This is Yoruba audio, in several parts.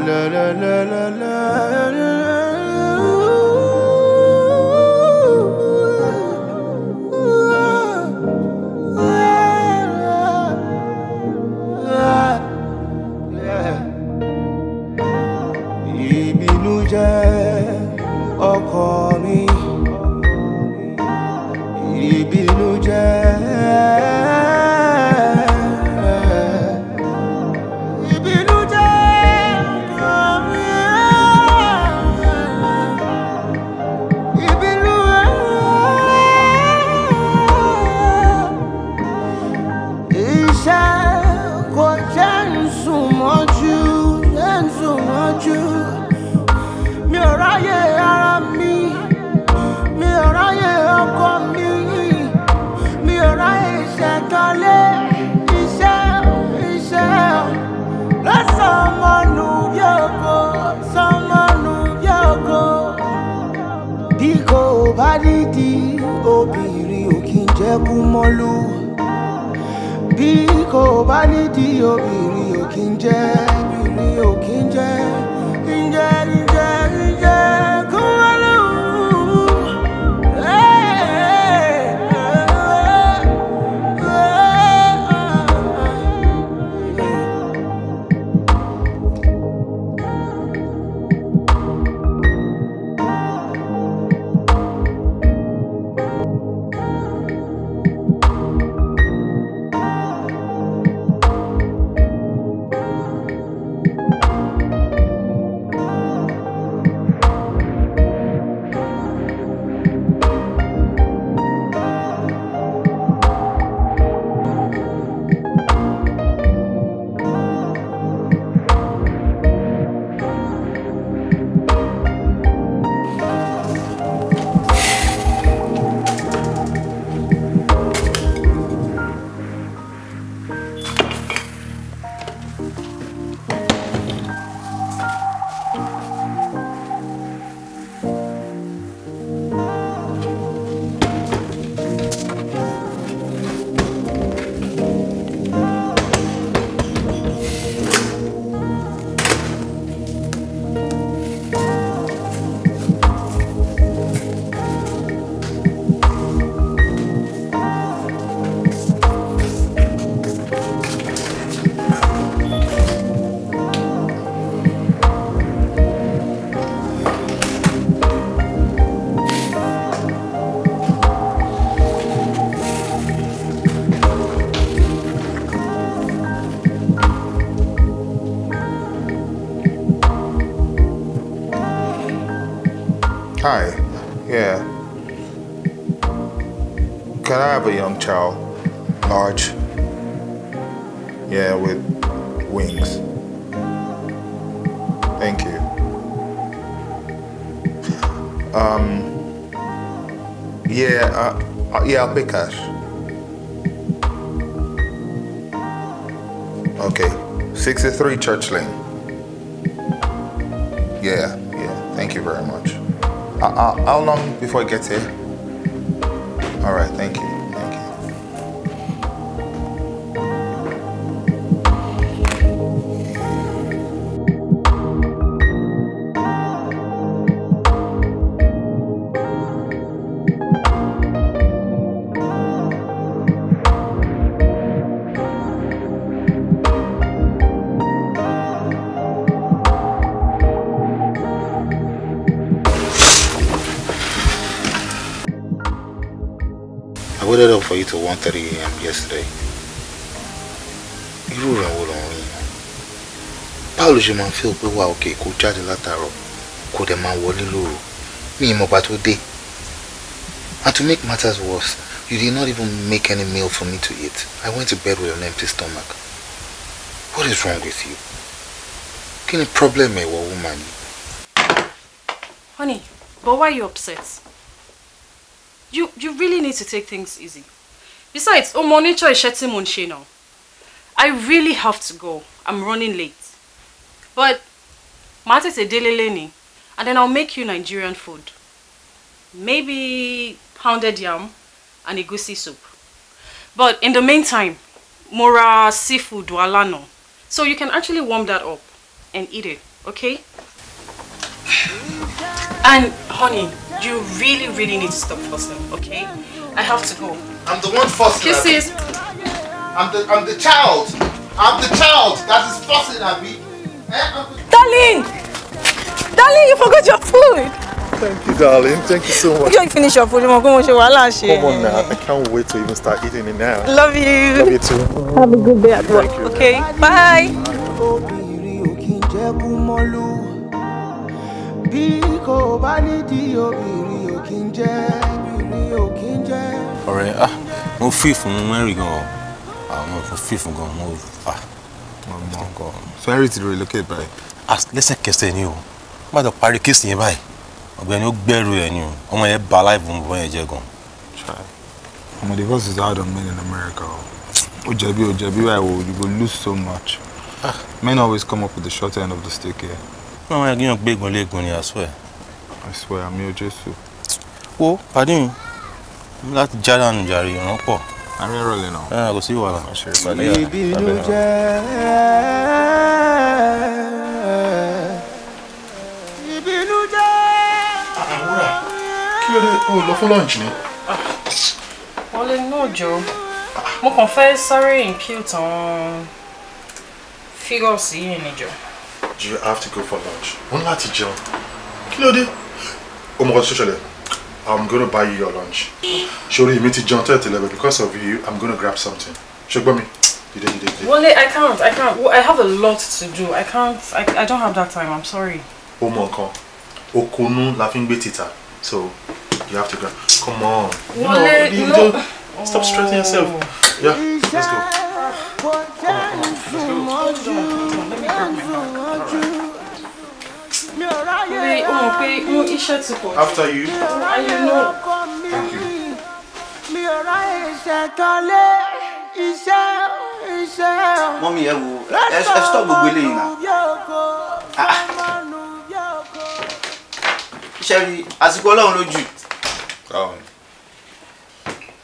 la la la la la kó o bá nídìí obìnrin ò kí ń jẹ́ obìnrin ò. child, large, yeah, with wings. Thank you. Um, yeah, uh, uh, yeah, I'll pay cash. Okay, 63 Church Lane. Yeah, yeah, thank you very much. Uh, uh, how long before I get here? All right, thank you. waited up for you till 1.30 a.m. yesterday. Irú rẹ̀ wo ló ń rìn? Báwo ló ṣe máa ń feel pé wà òkè kó jáde látàárọ̀ kó dẹ̀ máa wọlé lóru Me ìmọ̀gbà tó today. And to make matters worse, you did not even make any meal for me to eat. I went to bed with an empty stomach. What is wrong with you? Can ni problem ẹ woman Honey, but why are you upset? you you really need to take things easy. Besides, my nature is shetim on she now. I really have to go. I'm running late. But is a daily learning, and then I'll make you Nigerian food. Maybe pounded yam and egusi soup. But in the meantime, mora seafood walano, So you can actually warm that up and eat it, okay? And honey, you really, really need to stop fussing, okay? I have to go. I'm the one fussing. Kisses. I'm the I'm the child. I'm the child that is fussing at eh, me. Darling! Darling, you forgot your food! Thank you, darling. Thank you so much. You don't finish your food. Come on now. I can't wait to even start eating it now. Love you. Love you too. Have a good day at work. Okay. Bye. tí obìnrin ò kí ń jẹ́ obìnrin ò kí ń jẹ́. ọ̀rẹ́ ah mo fi fún mẹ́rin gan àwọn ọ̀fọ̀ fi fún gan mo ah. sọ́yẹ́rì ti relocate báyìí. Ah, lẹ́sẹ̀kẹsẹ̀ ni o má dọ̀ parí kéèsì yẹn báyìí ọ̀gbẹ́ni ó gbẹ́rù ẹ̀ ni o ọmọ yẹn ba aláìbù ń bọ́ yẹn jẹ́ gan. ọmọ divorce is hard on men in America o ó jẹ̀bi ó jẹ̀bi wà o you go lose so much ah. men always come up with the short end of the stick here. wọ́n máa ń gbìyànjú gbé egun lé egun ni swear. I swear àmì ojú èso. wo pàdé mi láti já dànù jàre ìran pọ̀. àmì ìrọ̀lẹ́ náà. Eh, kò sí wàhálà. ìbínú jẹ́ ìbínú jẹ́. àwùrà kí ló dé o lọ fún lunch ni. wọ́n lè ní òjò mo kàn fẹ́ sáré impute àwọn figures yìí nìjọ. do you have to go for lunch? wọ́n láti jẹun kí ló o mọ̀ ṣe ṣẹlẹ̀ i'm gonna buy you your lunch sori mi ti jẹun at the level because of you i'm gonna grab something ṣùgbọ́n mi dìde dìde dìde. wọlé i can't i can't well, i have a lot to do i can't i, I don't have that time i'm sorry. o mọ nǹkan okunu la fi so you have to grab come on. wọlé no, no. no. Oh. stop stressing yourself oh. yeah let's go. Come on, come on. Let's go. Hold on. Hold on. Let me grab my bag mi ò ráyè rẹ o mọ̀ after you mi you. ráyè ọkọ mi mi ò ráyè ìṣẹ̀tọ́lé iṣẹ́ iṣẹ́ o. mọ́mí ẹ wo ẹ sọ gbogbo eléyìí náà iṣẹ́ ah, ah. rí àsìkò ọlọ́run lójú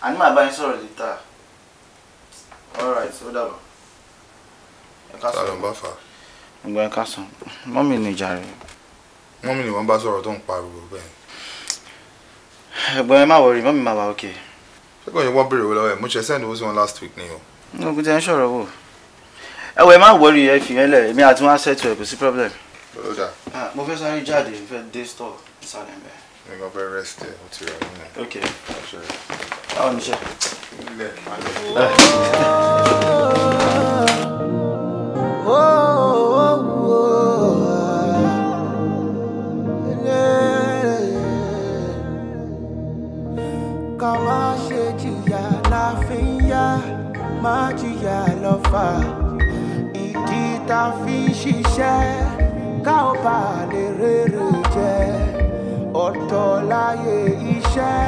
àní màá bá yín sọ̀rọ̀ later all right ó dàbọ̀ ẹ ká sọ. ta ló ń mọ́mí ni wọ́n bá sọ̀rọ̀ tó ń pariwo bẹ́ẹ̀. ẹ̀gbọ́n ẹ má wọrí mọ́mí máa wà òkè. ṣẹ́gun yìí wọ́n béèrè owó lọ́wọ́ ẹ̀ mo ṣe send owó sí wọn last week ni o. ogun jẹ́ ń sọ̀rọ̀ wò. ẹ ẹ má wọrí ẹ fi yẹn èmi àti wọn á ṣètò ẹ̀ kò sí problem. Ah, mo fẹ́ sáré jáde fẹ́ dé store ìsàlẹ̀ mẹ́. mi kò fẹ́ rest ẹ̀ o ti rẹ̀ mí. ok báwo ni iṣẹ́. ilẹ̀ máa má ṣe jìyà láfi ń yá má jìyà lọ́fà ìdí tá a fi ṣiṣẹ́ ká ó bá lè rere jẹ ọ̀tọ̀ láyé iṣẹ́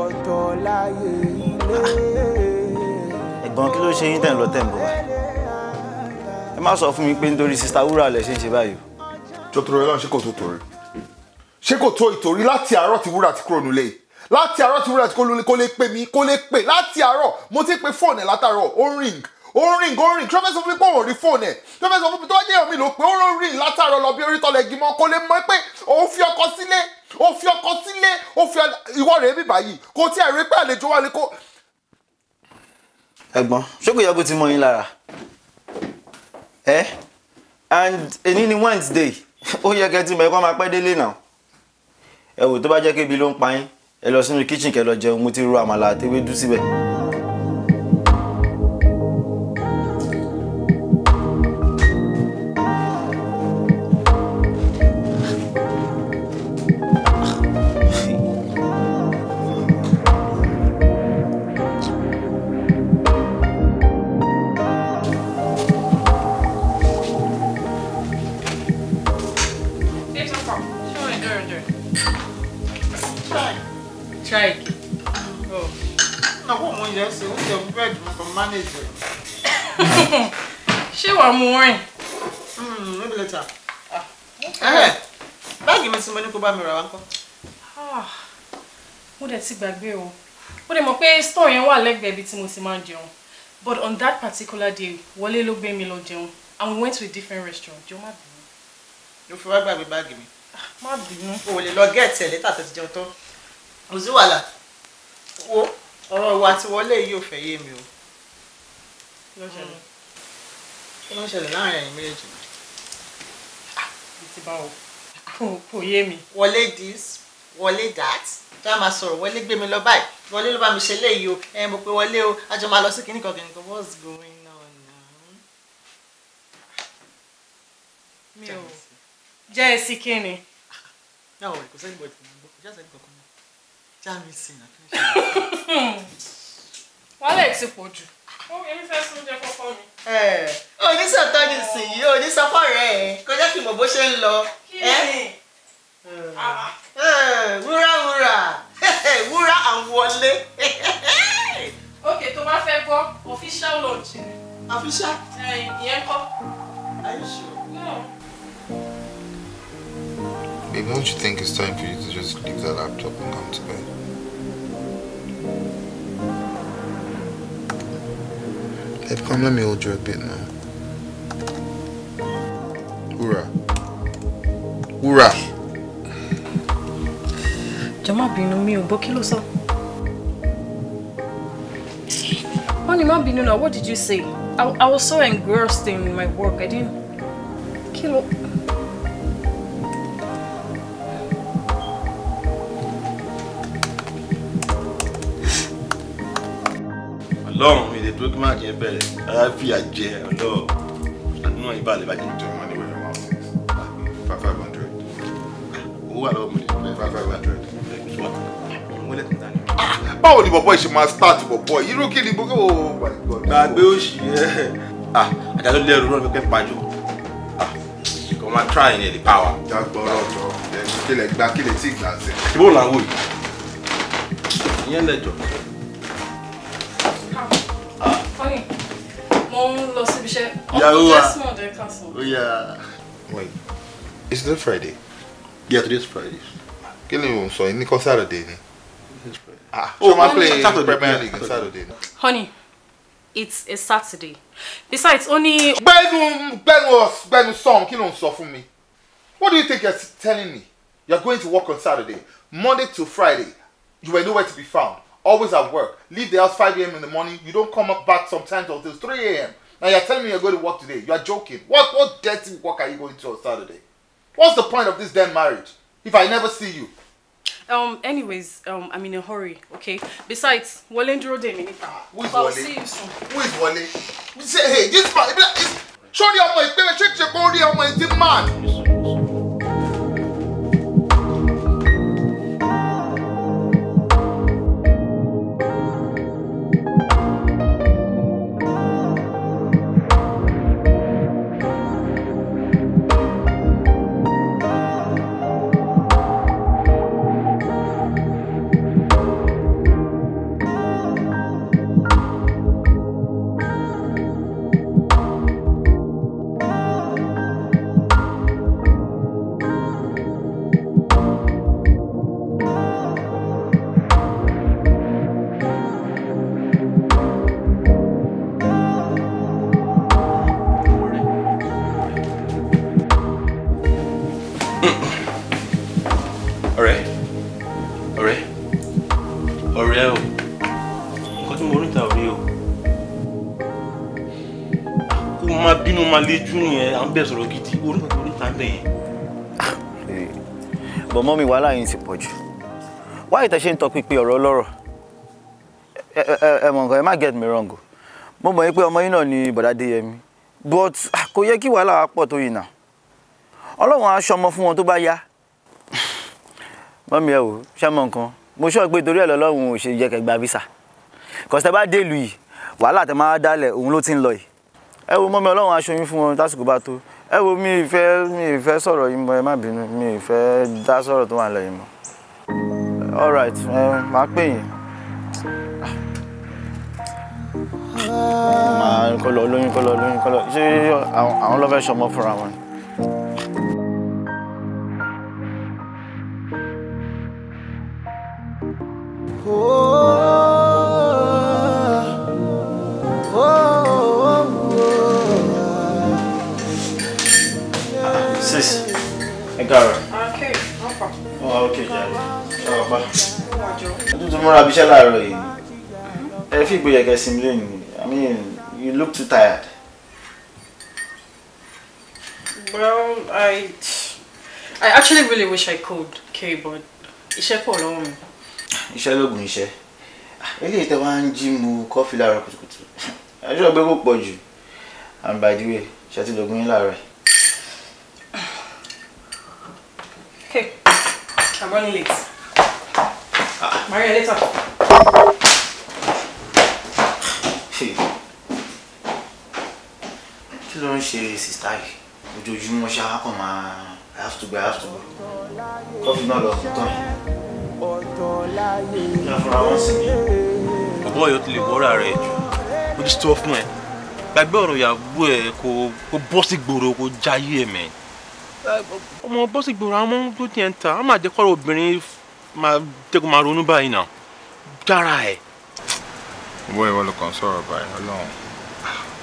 ọ̀tọ̀ láyé ilé. ẹ̀gbọ́n kí ló ṣe yín tẹ̀ ń lọ ẹ má sọ fún mi pé nítorí sista wúrà lẹ ṣe ń ṣe báyìí. jọ́tọ̀rọ̀ ẹ̀ náà ṣé kò tó torí ṣé kò tó ìtorí láti àárọ̀ tí wúrà ti kúrò nílé yìí láti àárọ̀ tí wúrà kò lè pè mí kò lè pè láti àárọ̀ mo ti pe fóònù ẹ̀ látàárọ̀ ó ń ring ó ń ring ó ń ring trọ́fẹ́sì fún mi pé òun rí fóònù ẹ̀ trọ́fẹ́sì fún mi tó jẹ́ omi ló pé ó ń ring látàárọ̀ lọ bí orí tọ́lẹ̀ gímọ̀ kò lè mọ̀ pé òun fi ọkọ sílé òun fi ọkọ sílé òun fi ìwọ rẹ̀ bí báyìí kò tí ẹ̀ rí pé àlejò wà ní kó. ẹ̀gbọ́n yẹ kó ti mọ yín lára ẹ and èyí ni Wednesday ó yẹ kẹ́ ti mọ̀ ẹ́ kó máa pẹ́ délé náà ẹ wò tó bá jẹ́ kébi ló ń pa yín ẹ lọ sínú kíchìn kẹ lọ jẹun mo ti ro àmàlà àtewédú síbẹ̀. manage it. ṣé wàá mú rìn. Hmm, maybe later. Ah, eh, eh. báàgì mi tí mo ní kó bá mi rà wá ń kọ́. Ah, mo dẹ̀ ti gbàgbé o mo dẹ̀ mọ̀ pé store yẹn wà lẹ́gbẹ̀ẹ́ ibi tí mo ti máa jẹun but on that particular day wọlé ló gbé mi lọ jẹun and we went to a different restaurant jọ má bínú. ló fi wá gbàgbé báàgì mi. Ah, má bínú. o lè lọ gẹ́ẹ̀tì ẹ̀ létà tó ti jẹun tán. kò sí wàhálà wo ọ̀rọ̀ ìwà àti wọlé yìí ò fẹ́ yé mi o kí ló ṣẹlẹ̀ kí ló ṣẹlẹ̀ láàrin ẹ̀yìn méjèèjì mi ti bá o kò yé mi. wọlé dis wọlé dat tá a máa sọ̀rọ̀ wọlé gbé mi lọ báyìí wọlé ló bá mi ṣe léyìí o ẹ mo pe wọlé o a jọ máa lọ sí kìnnìkan kìnnìkan what's going on now. mi ò jẹ́ ẹ sí kíni. náà wọ̀nyí kò sẹ́yìn bọ̀ ìfún mi kò jẹ́ ẹ̀sẹ̀ kankan mọ́ já mi sí i náà kí n ṣe. wàhálà ẹ̀ ti pọ̀ jù onísọ̀tọ́ ni ìsìnyí onísọ̀fọ́ rẹ̀ ẹ̀ kọjá kí mo bó ṣe ń lọ. wúrà wúrà wúrà àwọlé. ok tó bá fẹ́ gbọ́ official launch ni. official. ìyẹn kọ́. are you sure? no. Babe, don't you think it's time for you to just leave that laptop and come to bed? Babe, come let me hold you a bit now. Ura. Ura. Jama binu mi ò gbọ́ kí ló sọ. Honey, má bínú now, what did you say? I, I was so engrossed in my work, I didn't... Kí ló kó má jẹ bẹ́ẹ̀ ara fi àjẹ ọ̀dọ́ àdúnà ìbàlẹ̀ bàjẹ́ nítorí wọn ni wọ́n yọ wọn fún five hundred. owó wà lọ́wọ́ mi ní ìpínlẹ̀ five five hundred. báwo ni bọ̀bọ̀ ìṣe máa start bọ̀bọ̀ irú kí ni bókè o. Oh gbàgbé òṣì ẹ àjálù lẹ́rù rọ̀ pípẹ́ pàjọ kò máa try ní ẹ̀dí power. jágbọ́ ọ̀rọ̀ ọ̀tọ̀ ẹ̀mí kílẹ̀ gbá kílẹ̀ tí ì gbà sí. ìbò làwọn òyìn ìyẹn lẹ́jọ́. mo wait is today friday. yeah today is friday. kí you òun sọ yìí saturday ah oh, ma play saturday honey it's a saturday besides only. Ben, Ben was Ben kí ló ń sọ fún mi what do you think you're telling me you're going to work on saturday monday to friday you were nowhere to be found always at work. Leave the house 5 a.m. in the morning. You don't come up back sometimes until 3 a.m. Now you're telling me you're going to work today. You're joking. What what dirty work are you going to on Saturday? What's the point of this damn marriage if I never see you? Um. Anyways, um, I'm in a hurry. Okay. Besides, Wale dúró dè mí ah, Who is Wale? See you soon. Who is Wale? Say, hey, this man. Show the ọmọ ìpele. Check the body ọmọ. Is this man? máa léjú nìyẹn à ń bẹ̀ sọ̀rọ̀ gidi oríta bẹ̀ yẹn. bọ̀ mọ́ mi wàhálà yìí ti pọ̀ jù wá ìtẹ̀ ṣe ń tọ pípé ọ̀rọ̀ ọlọ́rọ̀ ẹ mọ̀ nǹkan ẹ má get me wrong o mo mọ̀ pé ọmọ yín náà ni bọ̀dá Adéyẹmí but ah, kò yẹ kí wàhálà wa to tó yìí nà ọlọ́run á ṣọmọ fún wọn tó bá yá mọ́mí ẹ wò ṣé mọ nǹkan mo sọ pé torí ẹ̀ lọ́lọ́run ò ṣe jẹ́ kẹ́ gba visa kọ́sítẹ́ bá dé ìlú yìí wàhálà tẹ máa dálẹ̀ òun ló ti ń lọ yìí ẹ wo mọ́mi ọlọ́run aṣọ fún wọn tásìkò bá tó ẹ wo mi ìfẹ́ mi ìfẹ́ sọ̀rọ̀ yìí mọ́ ẹ má bínú mi ìfẹ́ dá sọ̀rọ̀ tó wà lẹ́yìn mọ́ all right ẹ máa pè yín. màá kọ́ lọ lóyún kọ́ lọ lóyún kọ́ lọ ṣé àwọn lọ́fẹ́ sọmọ fúnra wọn. Oh Ọ̀daràn. Okay, no problem. Oh, okay, jàre. Ṣé wàá pa? Ó tún tún múra abiṣẹ́ láàárọ̀ yìí. Ẹ fi ìgboyà kẹsì mi lónìí. I mean, you look too tired. Well, I, I actually really wish I could, okay, but iṣẹ́ pọ̀ lọ́wọ́ mi. Iṣẹ́ lóògùn iṣẹ́. Eléyìí tẹ wá ń jí mu kọ́fì láàárọ̀ kùtùkùtù. Àjọ ìgbé kò pọ̀ jù. And by the way, ṣe ti lògùn yín láàárọ̀ I'm running late. Ah. Maria, later. kí ló ń ṣe sista yìí ojoojúmọ́ ṣe akọ máa i have to go i have to go kọfí náà lọ fún tán yìí ní àfúrà wọn sí mi. bàbá ọyọ ti lè wọra rẹ jù ó ti sọ fún ẹ gbàgbé ọ̀rọ̀ ìyàwó ẹ kó bọ́ sí gbòòrò kó jáyé ẹ ọmọ bọ́sì gbòòrò àwọn ọmọ tó tiẹ̀ ń ta á máa obìnrin máa tẹ́kọ̀ máa ronú báyìí náà dára ẹ̀. ìwọ ìwọ ló kàn sọ̀rọ̀ báyìí ọlọ́run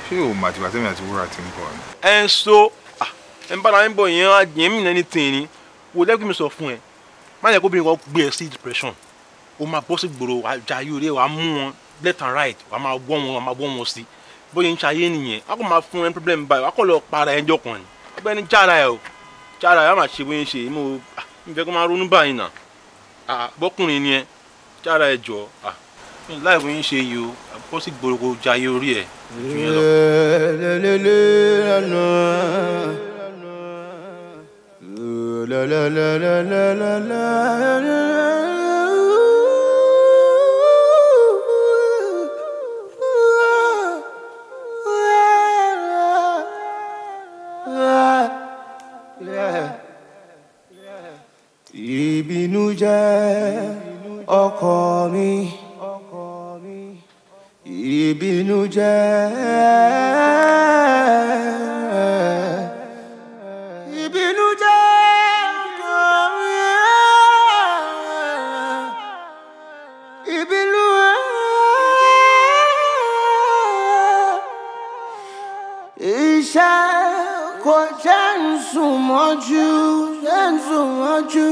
ṣé o mà tìgbà tẹ́mi àti wúrà ti ń bọ̀ ni. ẹ ń so ẹ ń bára ń bọ̀ yẹn àjẹ́ mi náà ní tèè ni wò lẹ́gbẹ̀ẹ́ mi sọ fún ẹ má yẹ kóbìnrin kan gbé ẹ sí depression o máa bọ́ sí gbòòrò àjàyè orí wàá mú wọn left and right wàá máa wọ́ wọn wàá máa wọ́ wọn sí bóyá ń ṣayé nìyẹn a kò máa fún ẹ problem báyìí wàá kọ́ lọ para ẹjọ́ kan ni jára ẹ o tára yàrá máa ṣe bóyá ṣe mo nfẹ́ kó máa ronú báyìí nà bọ́kùnrin ni ẹ tára ẹ jọ láì bóyá ṣe yìí o àbúkọ́ sí gbòòrò jayé orí ẹ̀ ju yẹn lọ. la la la la la la la ìbínú jẹ́ ọkọ mi ìbínú jẹ́ ìbínú jẹ́ ọkọ mi ìbínú iṣẹ́ kò jẹ́ ń sùn jẹ́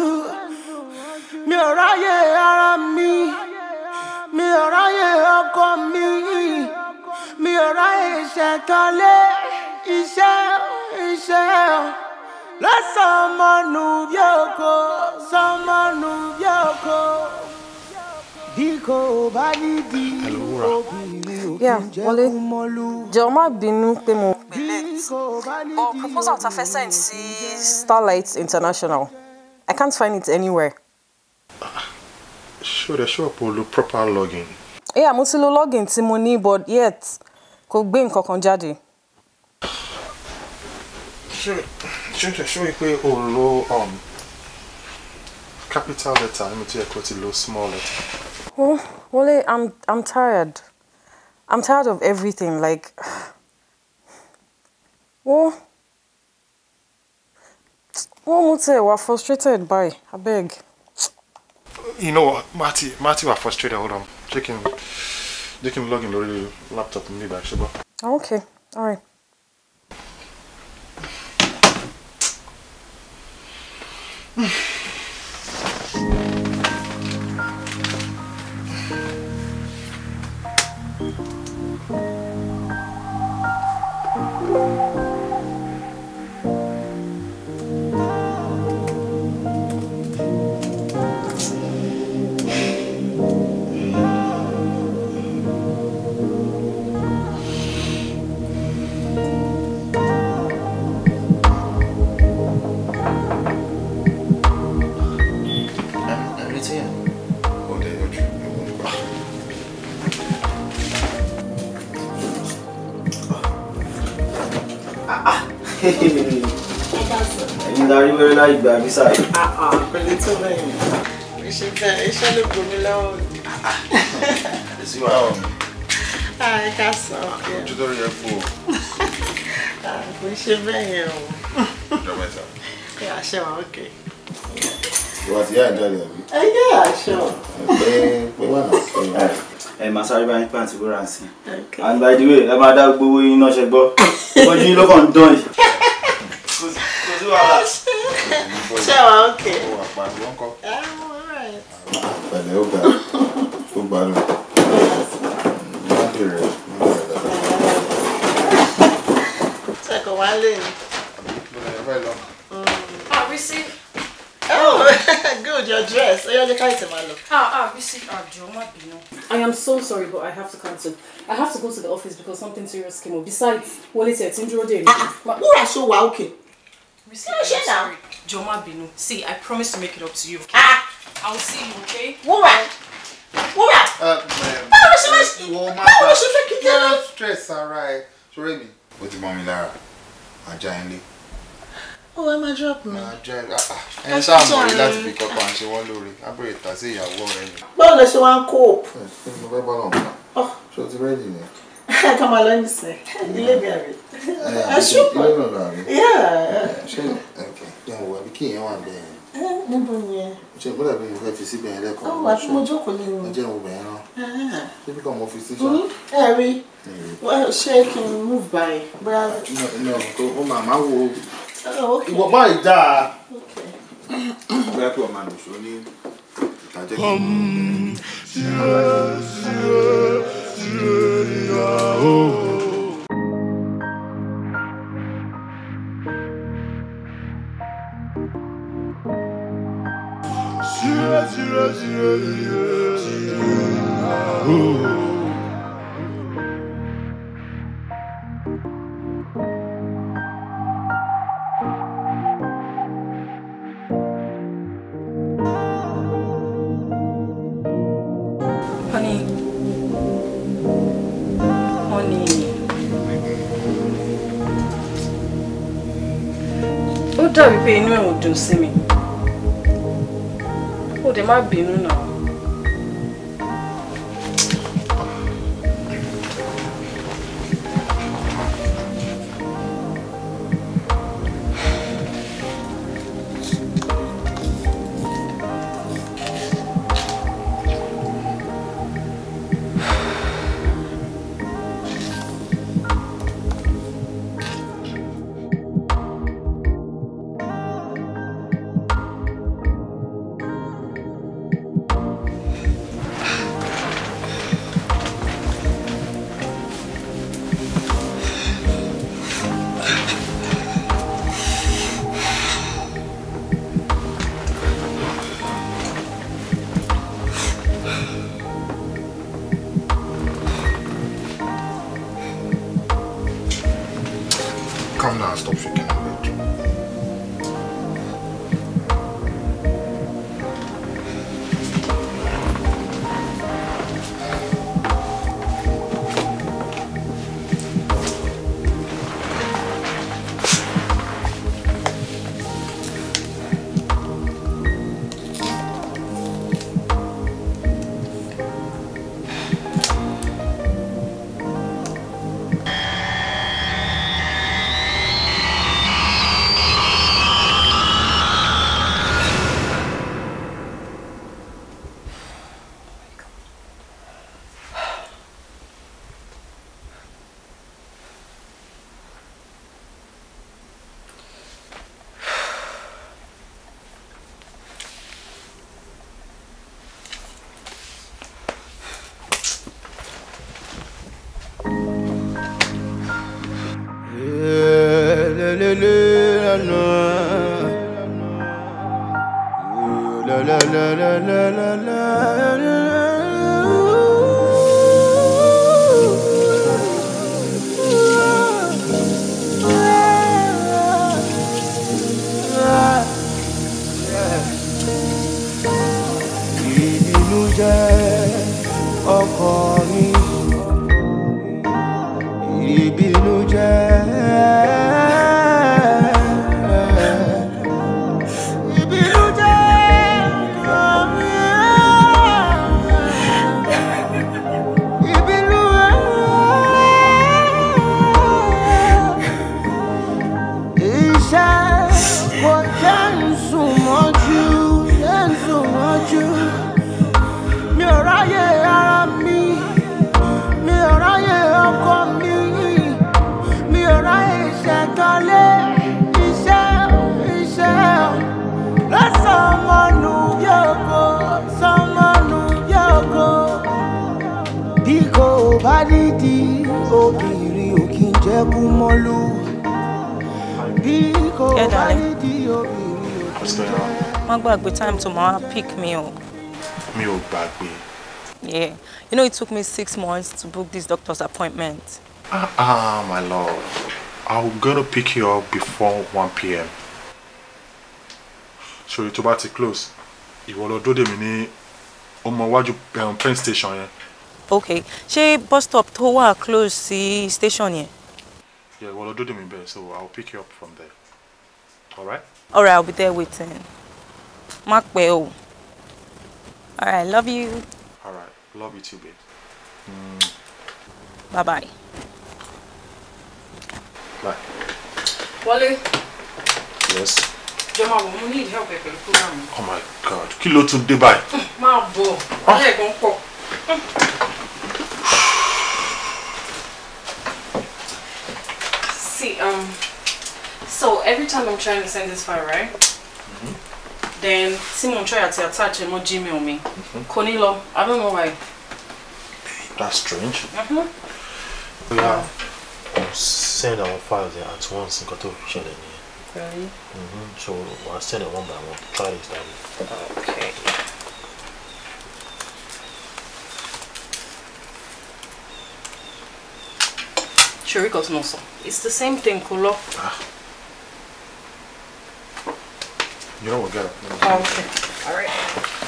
ń iṣẹ́ kan lé iṣẹ́ iṣẹ́ lọ́sọ̀mọ́nù bí oko sọmọ́nù bí oko bí kò bá nídìí obìnrin òkú jẹ́ kúmọ́lú. jọ má bínú pé mo pè late proposal ta fẹ́ send Starlight International I can't find it anywhere. ṣó rẹ̀ ṣọ́ọ̀pù lo proper login. yeah mo ti lo login tí but yet. kò gbé kan jáde. ṣé ṣé wípé o lo um, capital letter tí ẹ kò ti lo small letter. Oh, Wole, I'm I'm tired. I'm tired of everything. Like, oh, oh, Mute, we're frustrated by. I beg. You know what, Marty? Marty, we're frustrated. Hold on, chicken you can log in the laptop and need actually but oh, okay all right bóyá ìgbà visa ah, yìí. Ah, àpèlè tó bẹ́ẹ̀ ni iṣẹ́ bẹ́ẹ̀ iṣẹ́ ló gbomi lọ́wọ́ ni. èsì wà ọ. àì ká sọ. ojú tó rí ẹ kú o. kò ń ṣe bẹ́ẹ̀ yẹn o. ìjọba ìta. ẹ àṣẹ wa ókè. ìwà tí yá ìjọ rẹ rí. ẹ yẹ àṣọ. pé wà náà ẹ máa sáré bá yín pàǹtí bóra sí and by the way ẹ máa dá gbowó yín náà ṣe gbọ́ wọ́n jí lọ́kàn dán yìí. pariwo ńkọ́. pẹ̀lẹ́ ó ga ó gbádùn Oh, good, your dress. Oya jẹ́ ká tètè máa lọ. Ah, ah, see àjọ má bínú. I am so sorry, but I have to cancel. I have to go to the office because something serious came up. Besides, what is it? it's tí ń dúró dè mí. Wúrà ṣó We ókè. Bísí, I'm jọ̀ọ́ má see i promise to make it up to you. ah I'll see you okay. Woman, wúrà. Uh, um, báwo ló ṣe máa ṣe báwo ló ṣe fẹ́ kí tẹ́lẹ̀. yẹ́n stress alright. ẹ me. mi. ó mommy Lara? mi lára Oh, ah, ah, ẹ lé. ó wàá máa drop mi. ajá ẹ ẹ ń sáà mọ̀ rí láti fi kankan ṣe wọ́n lóore abẹ́rẹ́ I sí ìyàwó rẹ ni. báwo ló ṣe wá ń cope. ṣé mo Oh, she's ready. mọ́ ṣé o ti rẹ́ẹ̀dì ni. ká máa lọ nísìnyí ilé mi àrè. ilé mi àrè. fi síbẹ̀ yẹn lẹ́kọ̀ọ́ ọ̀hún àti mo jókòó lé wọn ẹjẹ́ òun bẹ̀rẹ̀ rán síbi kan mo fi sí ṣá. ẹ rí ṣé kí n move by bóyá. no no o màmá wo ìwọ máa ì dáa bóyá kí wọ́n máa lò ṣó ní ìtàjẹ́ kí n mú un. Honey. Honey. ó dàbí pé inú ẹ̀ ò dùn sí mi. They might be náà. kan naast op zijn kanaal. olú bí kò bá nídìí obìnrin òkú. má gbàgbé time tó máa pick me o. mi ò gbàgbé. yeah you know it took me six months to book this doctor's appointment. ah ah my love i will go to pick you up before one pm. So sori tó bá ti close ìwọ lọ dóde mi ní ọmọ iwájú um, train station yẹn. Okay. ṣé bus stop tó wà close sí station yẹn. Yeah, well, I'll do them in bed, so I'll pick you up from there. All right? All right, I'll be there waiting. Mark well. All right, love you. All right, love you too, babe. Mm. Bye-bye. Bye. Wale. Yes. Jamal, we need help ẹ pẹ̀lú program. Oh my God, kilo to Dubai. dé báyìí? Mm, máa bọ̀, ah. ọ̀rẹ́ ẹ̀ see, um, so every time I'm trying to send this file, right? Mm -hmm. Then, Simon try to attach it more Gmail me. Mm-hmm. Konilo, I don't know why. That's strange. Mm -hmm. We are send our files at once in Kato official in here. Really? Mm -hmm. So we'll send it one by one. Try this that Okay. it's the same thing color. Ah. You know what, get it. Oh, ah, okay. All right.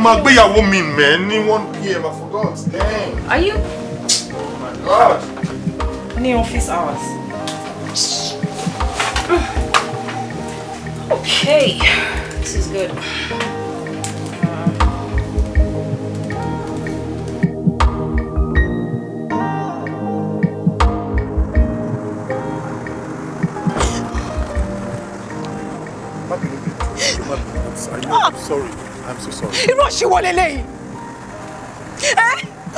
máa gbéyàwó mi mẹ́ ní one pm I forgot dang. Are you? Oh my god. Ní office hours. Okay, this is good. sorry. irú òṣìwọ lélẹ́yìí ẹ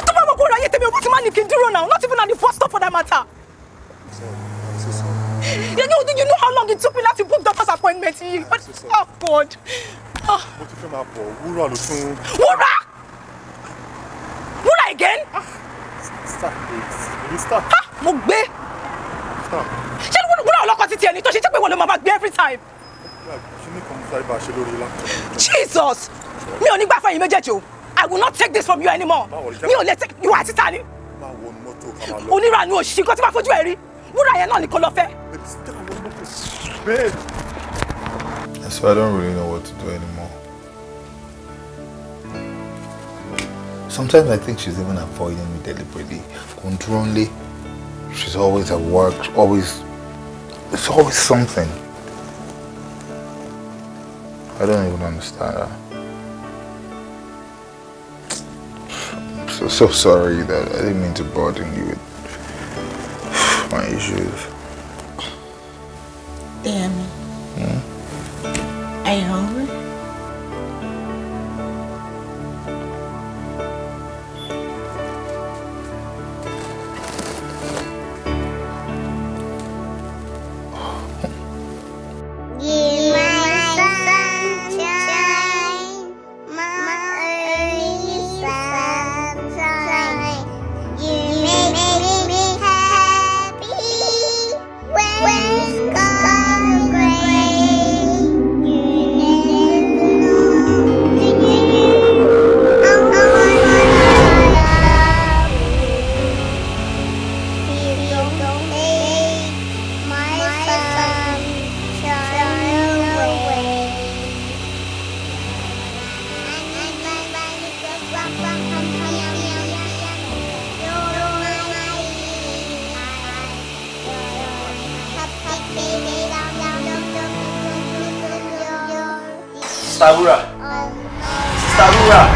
tó bá gbogbo rẹ̀ ayé tèmi òbí ti má ní kí n dúró now not even at the first stop for that matter. You know, you know how long it took me now to book doctor's appointment? But, oh God. Oh. Mo ti fẹ́ máa bọ̀, wúrà ló tún. Wúrà! Wúrà again? Ah. Ah, mo gbé. Ṣé wúrà ọlọ́kọ̀ títí ẹni tó ṣe jẹ́ pé wọ́n ló máa gbé every time? Jesus! mi ò ní gbà fún méjèèjì o i will not take this from you anymore mi ò lè take you àti ta ni onírànú òṣìṣì tí máa fojú ẹ rí wúrà yẹn náà ni kò lọ fẹ́. so i don't really know what to do anymore sometimes i think she's even avoiding me deliberately controlling she's always at work always it's always something i don't even understand her. so, so sorry that I didn't mean to burden you with my issues. Damn. sista wúrà sista wúrà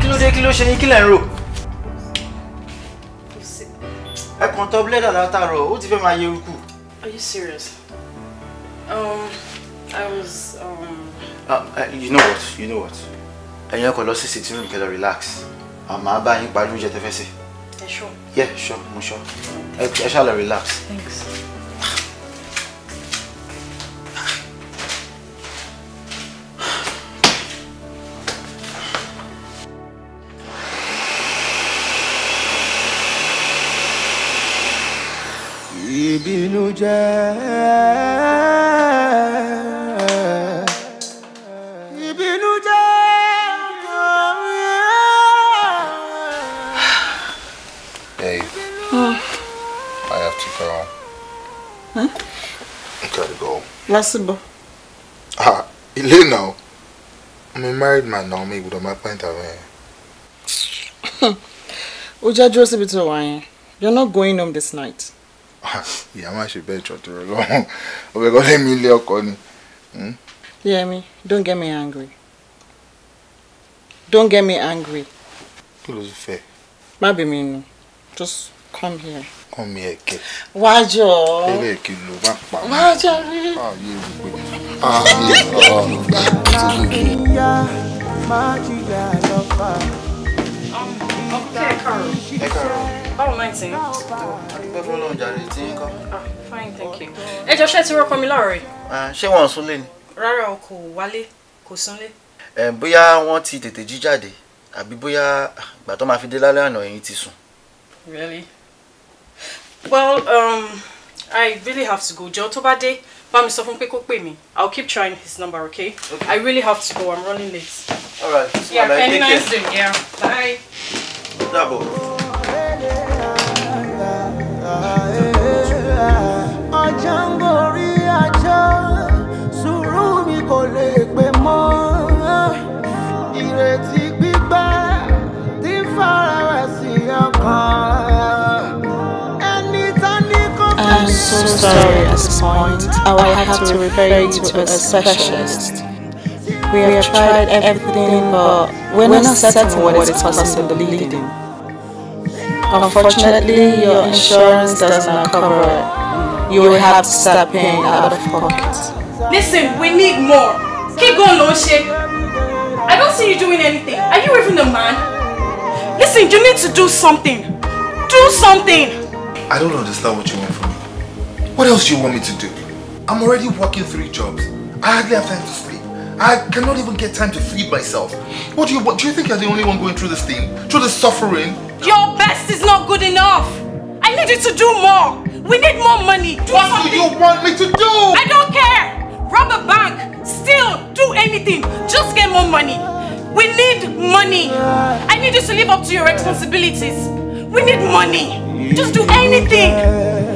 kí ló dé kí ló ṣe yín kí lẹ̀ ń rò. ẹ kàn tọ́ bílẹ̀dà látàárọ̀ ó ti fẹ́ máa yẹ eruku. Are you serious? Um, I was. Um... Uh, uh, you know what? You know what? ẹ̀yin ọkọ̀ lọ sí sitting room kẹlọ relax àmọ́ bá yín parí oúnjẹ tẹ́fẹ́ sí. ẹ ṣọ́. yeah sure mo ṣọ́ ẹ ṣáà lọ relax. Thanks. Lasibo. Ah, you know, I'm a married man now, Me, gbọ́dọ̀ máa pẹ́ǹt àwọn yẹn. Ó já dúró síbi tó wà yẹn. You're not going home this night. Ìyá máa ṣe bẹ́ẹ̀ jọ̀tọ̀ rẹ̀ lọ́wọ́. We got lé mi ilé ọkọ ni. me. Hmm? don't get me angry. Don't get me angry. Kí ló fẹ́? Maybe me inú. Just come here kàn mí ẹ̀kẹ́. wájọ. eré èké ló bá pa wájọ rí. ààyè ìwé ààyè ọ̀gbà tí ẹ ah, fine thank you. ẹ jọ ṣé ti rọpò mi láàárọ̀ yìí. Ah, ṣé wọn ò súnlé ni. rárá o kò wálé kò súnlé. bóyá wọ́n ti tètè jí jáde àbí bóyá ah, ìgbà tó máa fi dé lálẹ́ àná ẹ̀yin ti sùn. really well um, I really have to go jọ tó bá dé bá mi sọ fún pé kó pè keep trying his number okay? okay I really have to go I'm running late. all right yeah, like, any nice day yeah. bye. Double. ọjọ́ ń gorí ajá sùúrù mi kò so sorry at this point. Oh, I will have to refer you to a specialist. We have tried everything, but we're not certain what is causing the bleeding. Unfortunately, your insurance does not cover it. You will have to start paying out of pocket. Listen, we need more. Keep going, Loshe. I don't see you doing anything. Are you even a man? Listen, you need to do something. Do something. I don't understand what you want what else do you want me to do? I'm already working three jobs. I hardly have time to sleep. I cannot even get time to feed myself. What do you what, do you think you're the only one going through this thing? Through the suffering? Your best is not good enough. I need you to do more. We need more money. Do what something. do you want me to do? I don't care. Rob a bank. Steal. Do anything. Just get more money. We need money. I need you to live up to your responsibilities. We need money. Just do anything.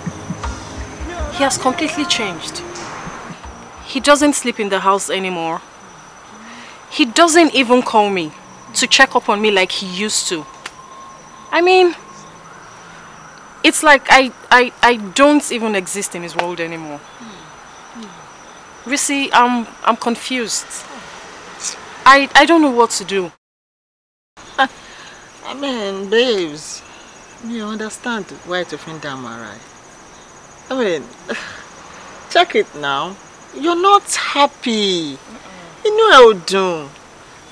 He has completely changed. He doesn't sleep in the house anymore. He doesn't even call me to check up on me like he used to. I mean, it's like I, I, I don't even exist in his world anymore. Mm. I'm, I'm confused. I, I don't know what to do. I mean, babes, you understand why to find Damara. Right? I mean, check it now. You're not happy. Mm -mm. You know I would do.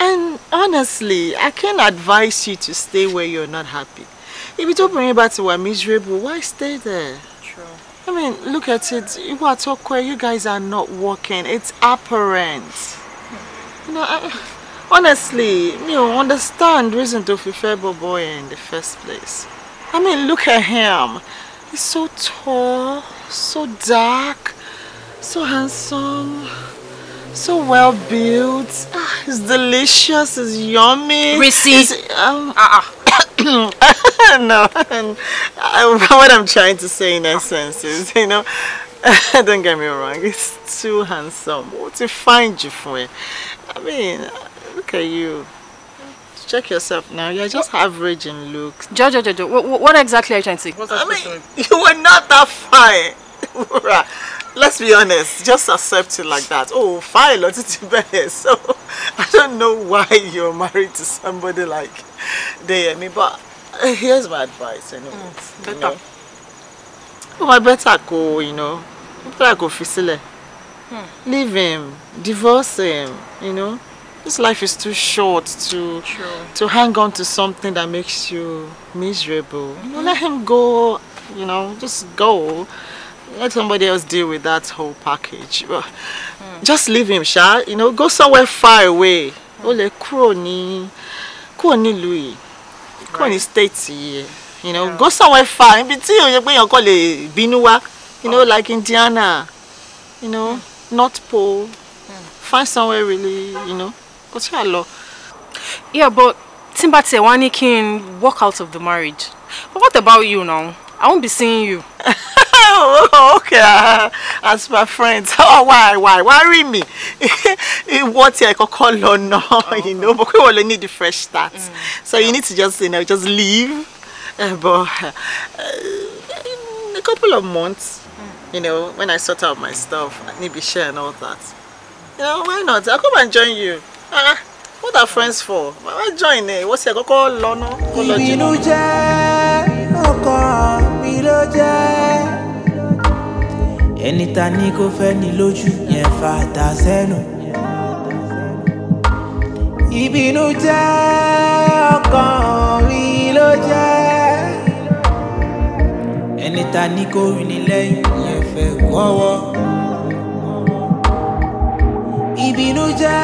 And honestly, I can advise you to stay where you're not happy. If you don't bring you back to where miserable, why stay there? True. I mean, look at it. You are talk where you guys are not working. It's apparent. You know, I, honestly, you know, understand reason to prefer boy in the first place. I mean, look at him. He's so tall, so dark, so handsome, so well built. Ah, he's delicious, he's yummy. he's Um, uh -uh. no, what I'm trying to say in essence is, you know, don't get me wrong, He's too handsome. What a fine Jifwe. I mean, look at you. Check yourself now. You're just what? Oh. average in looks. Jojo, Jojo, what, what exactly are you trying to say? What's I mean, you were not that fine. Let's be honest. Just accept it like that. Oh, fine, lot it So I don't know why you're married to somebody like Deyemi, but here's my advice anyway. Mm, better. You know? Oh, I better go, you know. Better go fisile. Hmm. Leave him, divorce him, you know. This life is too short to True. to hang on to something that makes you miserable. Mm -hmm. You know, let mm-hmm. him go. You know, just go. Let somebody else deal with that whole package. Mm. Just leave him, Sha. You know, go somewhere far away. Mm. Ó lè kúrò ní kúrò nílùú yìí. You know, yeah. go somewhere far. Ibi tí ó yẹ pé èèyàn kò You know, oh. like Indiana. You know, mm. North Pole. Mm. Find somewhere really, you know kò tí à lọ. yeah but tí n bá wá ní kí n walk out of the marriage but what about you now I won't be seeing you. okay uh, as my friends oh, why why worry me ìwọ tí ẹ kọ́kọ́ lọ náà oh, you know but pé wọ́n lè need a fresh start mm. so you need to just you know just leave uh, but uh, in a couple of months mm. you know when I sort out my stuff níbi iṣẹ́ and all that you know why not I come and join you ah what are friends for wọ́n join Eh, wọ́n sì ẹ̀ kọ́kọ́ lọ ná kó lọ jìnnà. ìbínú jẹ́ ọkàn mi ló jẹ́. ẹni ta ni kò fẹ́ ni lójú yẹn fa ta sẹ́nu. ìbínú jẹ́ ọkàn mi ló jẹ́. ẹni ta ni kò rìn ní lẹ́yìn yẹn fẹ́ kọ́wọ́. ìbínú jẹ́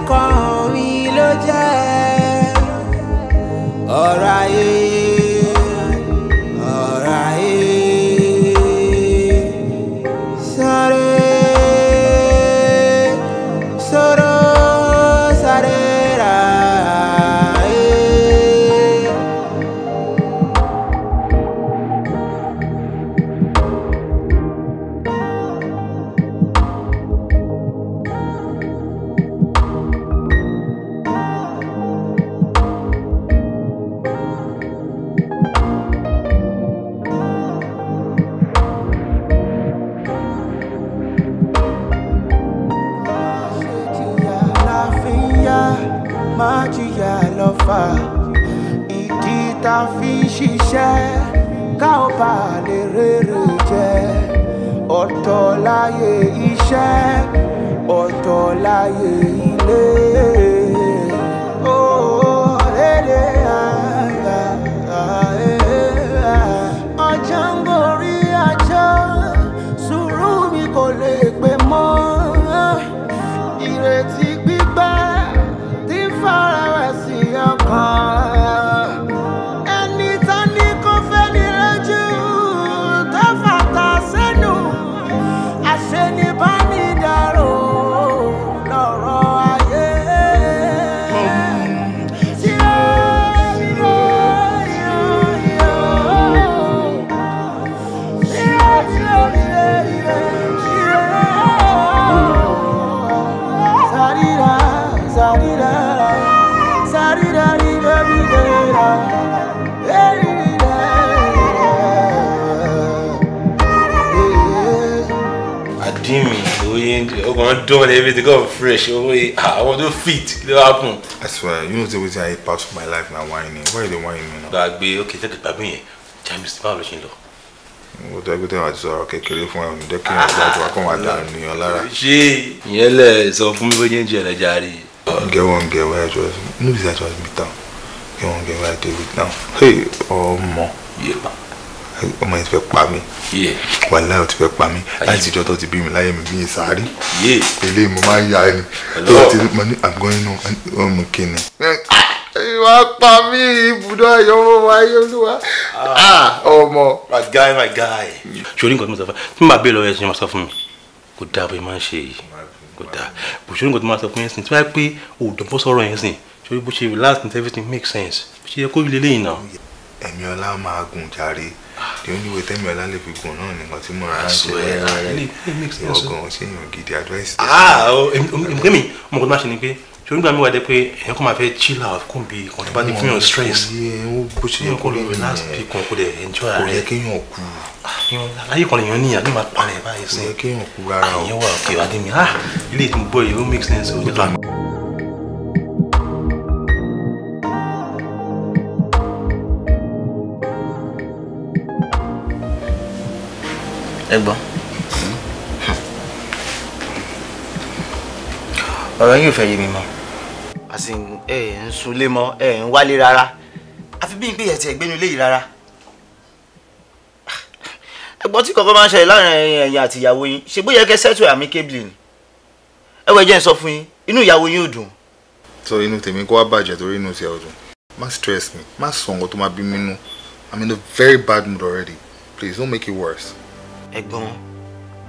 ọkàn mi ló jẹ́ ọ̀rọ̀ ayé. feet kí ló i swear you know say wetin i pass for my life na whining why you dey whine me now. gbàgbé ok jẹ́ kí gbàgbé yẹn james báwo ló ṣe ń lọ. mo tẹ́ pété àti sọ̀rọ̀ kékeré fún ẹ̀hún jẹ́ kí ẹ̀dá tó akọ́ wà dà nìyàn lára. ṣé ìyẹn lẹ sọ fún mi bóyá ń jẹ ẹ̀rẹ̀jà rí. get one girl wey i trust no be say i trust me town get one girl wey i dey with now hey ọmọ. Oh, ọmọ yẹn ti fẹ́ pa mí wàhálà ó ti fẹ́ pa mí láti ìjọ tó ti bí mi láyé mi bí sáré ilé mo máa ń yá ẹni tó ti mọ ní àgọ́ inú ọmọ kìnnì. ìwà pa mí ibùdó ayọ̀ ọmọ ayé olúwa ah. Ah, ọmọ. my guy my guy. sori nǹkan tí mo sọ fún mi tí mo bá bẹ́ẹ̀ lọ ẹ̀sìn ọmọ sọ fún mi kò dáa bó máa ń ṣe yìí kò dáa kò sori nǹkan tí mo sọ fún yẹn sìn tí wọ́n á pé òòdùn bó sọ̀rọ̀ yẹn sìn sori bó ṣe relax and everything make sense bó ṣe yẹ kó rí lélẹ́yìn náà. ẹ̀mí ọlá máa gùn jàre the only way tẹ́mi ọlá lè fi gùn náà ni nǹkan tí mo rà ṣe ọgàn ṣe èèyàn gidi advice. ǹkẹ́ ah, mi mo kò tó máa ṣe ni pé ṣé onígbà mi wà dé pé èèyàn kò máa fẹ́ chill out kò bí ọ̀kan tó bá ti fihàn stress bó ṣe yẹ kó lè relax bí kan kó lè enjoy rẹ. kò yẹ kéèyàn kú. ayé ah, kan lèèyàn níyà ló máa parẹ́ báyìí sí. kò yẹ kéèyàn kú rárá ah, o. àyẹ̀wò àkèwà dé mi ilé ìtumọ̀ bọ́ yìí ó make sense. ẹ gbọ́. ọ̀rọ̀ yìí ò fẹ́ yé mi mọ́ àti ẹ ń sunlé mọ́ ẹ ń wálé rárá àfi bí n pè ẹ̀tì ẹ̀gbẹ́nu ilé yìí rárá. ẹgbọ́n tí kankan máa ń ṣẹlẹ̀ láàrin ẹ̀yin àti ìyàwó yín ṣe bó yẹ kẹ́ sẹ́tù àmì kébìlì ni ẹ wọ ẹjẹ́ ń sọ fún yín inú ìyàwó yín ò dùn. sọ inú tèmi kó wá bàjẹ́ torí inú tiẹ̀ ò dùn má stress me má sọ nǹkan tó máa bí mi nú I'm in a very bad mood already please don't make it worse ẹ̀gbọ́n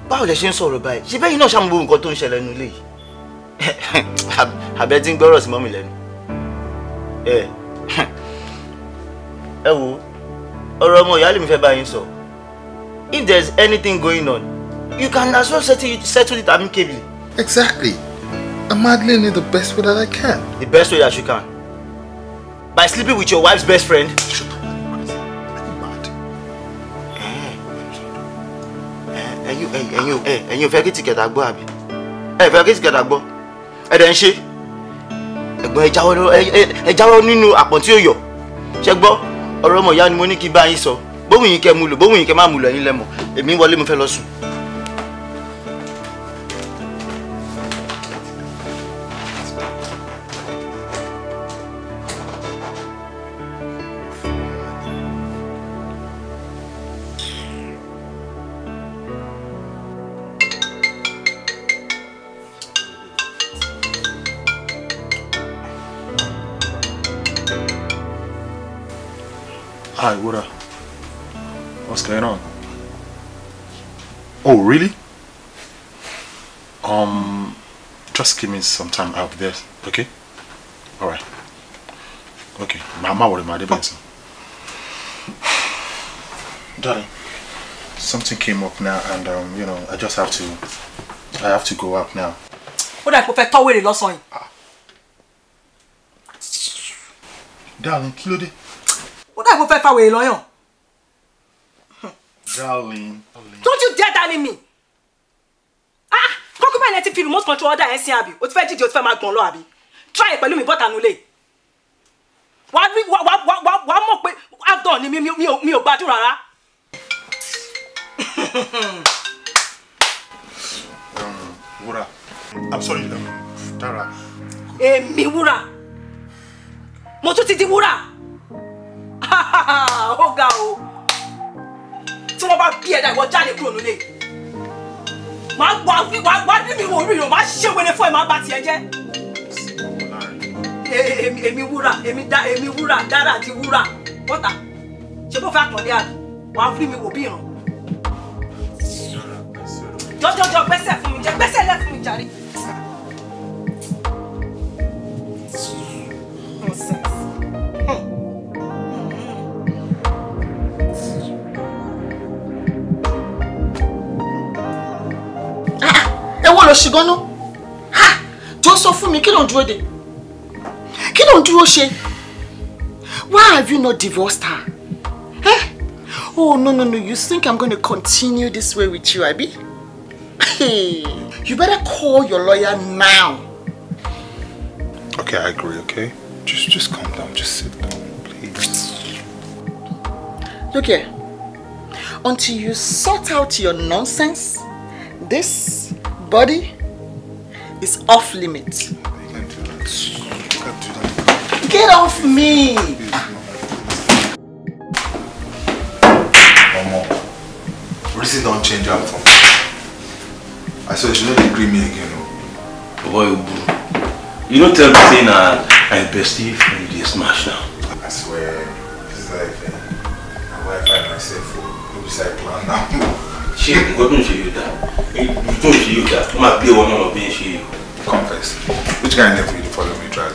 báwo lẹ ṣe ń sọ̀rọ̀ báyìí ṣe bẹ́yìn náà ṣàmúgbò nǹkan tó ń ṣẹlẹ̀ nínú ilé yìí àbẹ́ tí ń gbọ́rọ̀ sí mọ́mì lẹ́nu ẹ ẹ wo ọ̀rọ̀ ọmọ ìyá lèmi fẹ́ bá sọ if there is anything going on you can as well settle settle it amicably. exactly i'm handling it the best way that i can. the best way that you can by sleeping with your wife's best friend. ẹ̀yin ẹ̀yin ẹ̀yin ò fẹ́ kí tìkẹ̀tà gbọ́ àbí ẹ fẹ́ kí tìkẹ̀tà gbọ́ ẹ dẹ̀ ń ṣe ẹ̀gbọ́n ẹ jáwọ́ nínú àpọ̀n tí ó yọ ṣẹ gbọ́ ọ̀rọ̀ ọmọ ìyá ni mo ní kí bá yín sọ bóun yín kẹ́ mu lò bóun yín kẹ́ má mu lò ẹ̀yin lẹ́mọ̀ èmi wọlé mo fẹ́ lọ sùn. Just give me some time. I'll be there. Okay? All right. Okay. Mama worry, my dear oh. Darling, something came up now and um, you know, I just have to I have to go up now. What I prefer, fẹ́ tọ́wé rè lọ́sàn-án ah. Darling, kí ló What I prefer, kó fẹ́ fàwé lọ́yàn. Darling. Don't you dare darling me! Ah! concubine ẹ ti fi remote control order ẹ sin àbí o ti fẹ́ dìde o ti fẹ́ máa gbọ̀n lọ àbí try pẹ̀lú mi bọ́ta nulẹ̀ wàá mọ̀ pé outdoor ni mi ò gbádùn rárá. Um, wúrà i'm sorry dara. èmi wúrà mo tún ti di wúrà ó ga o tí wọ́n bá bí ẹ̀dá ìwọ jáde kúrò nílé máa gbọ́ àfi wàá gbọ́ níbi ìwò orí rẹ̀ máa ṣe wẹlé fún ẹ máa bà tiẹ̀ jẹ́. èmi wúrà èmi dá èmi wúrà dára àti wúrà bọ́tà ṣé bó fẹ́ àkànlé àbí wàá fi mi wò bí ìràn. jọjọjọ gbẹ́sẹ̀ fún mi jẹ gbẹ́sẹ̀ lẹ fún mi jàre. lọ ṣe gan náà jọ sọ fún mi kí ló ń dúró de kí ló ń dúró ṣe why have you not divorced her eh? oh no no no you think i'm gonna continue this way with you abi hey, you better call your lawyer now. okay i agree okay just just calm down just sit down please. look here until you sort out your nonsense this body is off limit. Get off me! Mama, reason don't change out. I said you should agree me again. Oh. Boy, oh, you don't tell me saying uh, I bestie and you smash now. I swear, this is like find myself for oh, suicide plan now. ṣé nǹkan tó ń ṣe yóò dá ibi tó ń ṣe yóò dá ó máa gbé wọn náà bí ń ṣe yóò. confess which kind of you follow me drag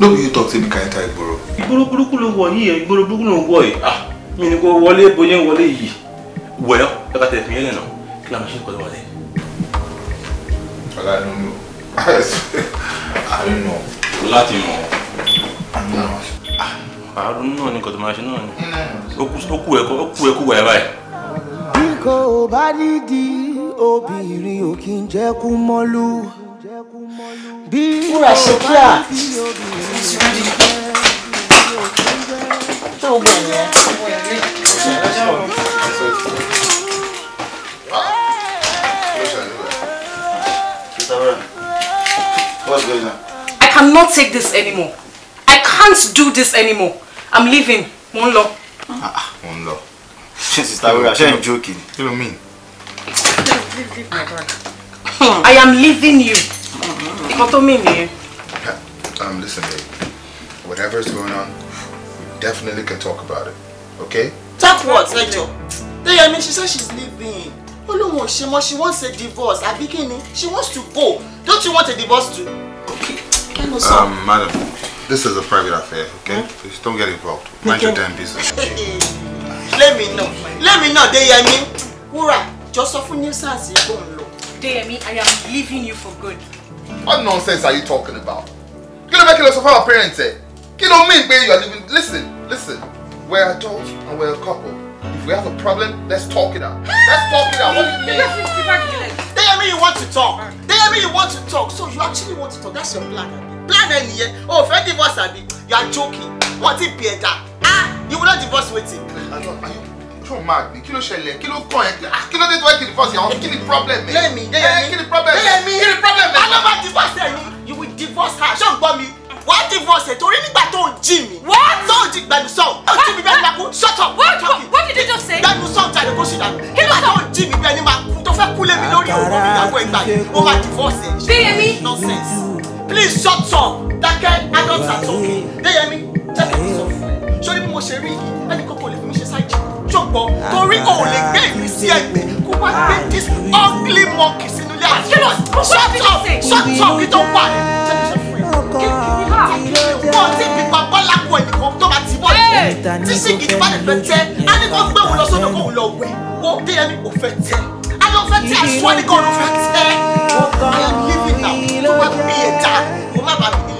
no be you talk say me I enter ìgboro. ìgboro burúkú ló wọ yìí ìgboro burúkú ló wọ yìí ah mi ni kò wọlé bóyá wọlé yìí wẹ̀rọ ẹ bá tẹ̀lé fìyẹn lẹ́nà kí làwọn ṣe ń kọ́ wọlé. ọ̀la inú nù àrùn nù. láti mọ̀ ah, àrùn náà ni kò tó máa ṣe náà ni mm. ó kú ẹ̀kọ́ wẹ̀ báyìí bí kò bá nídìí obìnrin ò kí ń jẹ́ kú mọ́lú. bí kò bá nídìí obìnrin ò kí ń jẹ́ kú mọ́lú I cannot take this anymore. I can't do this anymore. I'm leaving. Mo ń lọ. Ah, ah, mo ń ṣe sista wura ṣe n jókè ni. kí ló mean. please I am leaving you. nǹkan tó mean nìyẹn. Um, listen, babe. Whatever is going on, we definitely can talk about it. Okay? Talk what, Lejo? I mean, she said she's leaving. Olówó ṣe mọ́, she wants a divorce. At kí ni? She wants to go. Don't you want a divorce too? Okay. Um, madam, this is a private affair, okay? Hmm? Please don't get involved. Mind okay. your damn business. lémi náà lémi náà Déyẹmí wúrà jọ sọ fún nuisance kó ń lọ. Déyẹmí I am leaving you for good. What nonsense are you talking about? kí ló fẹ́ kí ló sọ fún àwọn parents ẹ̀ kí ló mean pé you are living listen listen we are adults and we are a couple if we have a problem let's talk it out let's talk it out what do you mean. Déyẹmí you want to talk Déyẹmí you want to talk so you actually want to talk that's your plan plan ẹ nìyẹn o fẹ́ divorce àbí you are joking What ti bí ẹ̀dá ah you will not divorce wetin. tún máa ní kí ló ṣẹlẹ̀ kí ló kàn ẹ́ ah, kí ló dé tó ẹ́ kí divorce yàwọn kí ni problem mi. lẹ́mi eh, lẹ́mi kí ni problem mi lẹ́mi kí ni problem mi. alọ́ba divorce ẹ̀ ni you will divorce her ṣé o gbọ́ mi wà á divorce ẹ̀ torí nígbà tó ń jí mi. wọ́n tó ń jí gbẹ̀mí sọ ọ́ jí mi bẹ́ẹ̀ ni máa kú shut up wọ́n tó kì wọ́n kì í jọ ṣe. gbẹ̀mí sọ ọ́ jáde kó ṣì dànù nígbà tó ń jí mi bẹ́ẹ̀ ni máa kú tó fẹ́ kú lémi lórí òun ìyàwó ẹ̀ gbà yìí ó máa divorce ẹ̀. Deyemi nonsense please shut up dákẹ́ adults are talking Deyemi jẹ́ kí n sọ fún sórí bí mo ṣe rí ẹnì kókó lè fi mi ṣe sáìjì ṣùgbọ́n torí o ò lè gbé ìlú sí ẹgbẹ́ kó wá gbé this ugly monkey sínú ilé àti kílọ̀ shut up shut kí tó wà ní kò tí bí bàbá lápò ẹnìkan tó bá ti bọ̀ ẹ̀ tí sì bá lè fẹ́ tẹ́ á ní kó gbé òun lọ sódò kó òun lọ wẹ̀ wọ́n dé ẹni kò fẹ́ tẹ́ á lọ fẹ́ tẹ́ àṣọ ẹnìkan òun fẹ́ tẹ́ I am living now kó wá bí ẹ̀dá kó má bàa bí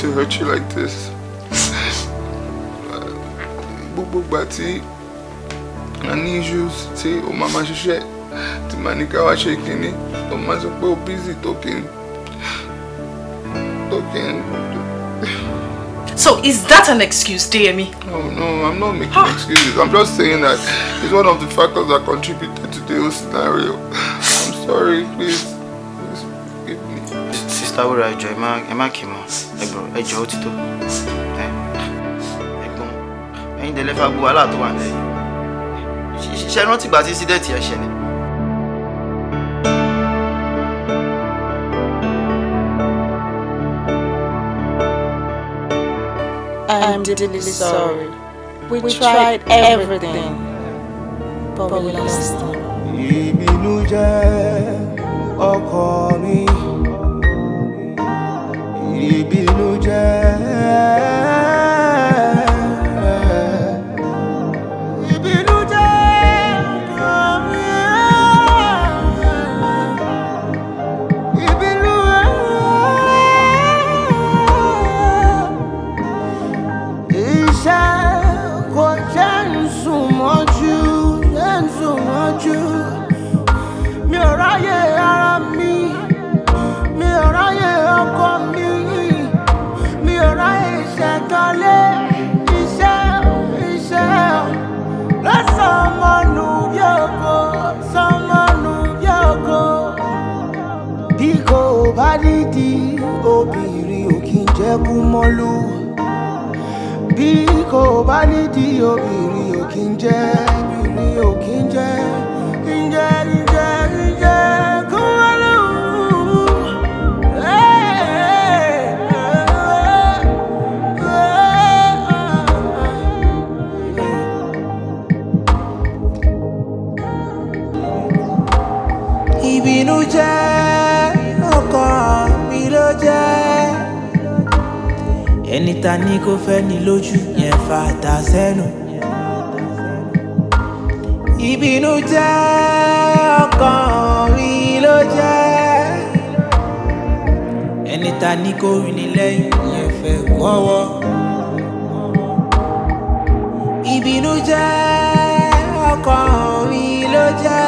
to hurt you like this. I need you sọ busy talking talking. So is that an excuse, me? No, no, I'm not making excuses. I'm just saying that it's one of the factors that contributed to the whole scenario. I'm sorry, please. Mr. Wúrà ẹjọ ẹ má kì í mọ ẹgbọrọ ẹjọ ó ti tó ẹ̀gbọ́n ẹ̀yin tẹ́lẹ̀ fà gbọ́ wàhálà wà nílẹ̀ ṣiṣẹ́ rántí gbà tí sídẹ̀tì ẹ̀ ṣẹlẹ̀. I'm deeply sorry. We, we tried, tried everything, everything, but we lost Ìbínú jẹ́ ọkọ mi ìbínú jẹ́. kò bá nídìí obìnrin ò kí ń jẹ́ obìnrin ò kí ń jẹ́ ń jẹ́ ń jẹ́ ń jẹ́ kó wá lóhùn. ìbínú jẹ́ ọkàn mi ló jẹ́ ẹni ta ni kò fẹ́ ni lójú fàtà sẹ́nu. ìbínú jẹ́ ọkàn mi ló jẹ́. ẹni ta ní kó rìn ní lẹ́yìn yẹn fẹ́ wọ́wọ́. ìbínú jẹ́ ọkàn mi ló jẹ́.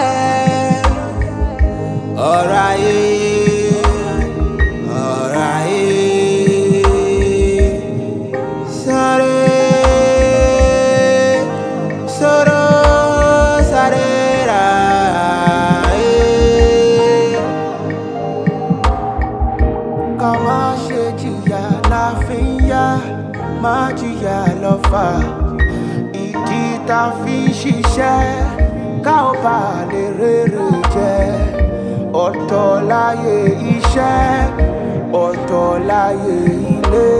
ọ̀rọ̀ ayé. má jìyà lọ́fà ìdí tá a fi ṣiṣẹ́ ká ó bá lè rere jẹ ọ̀tọ̀ láyé iṣẹ́ ọ̀tọ̀ láyé ilé.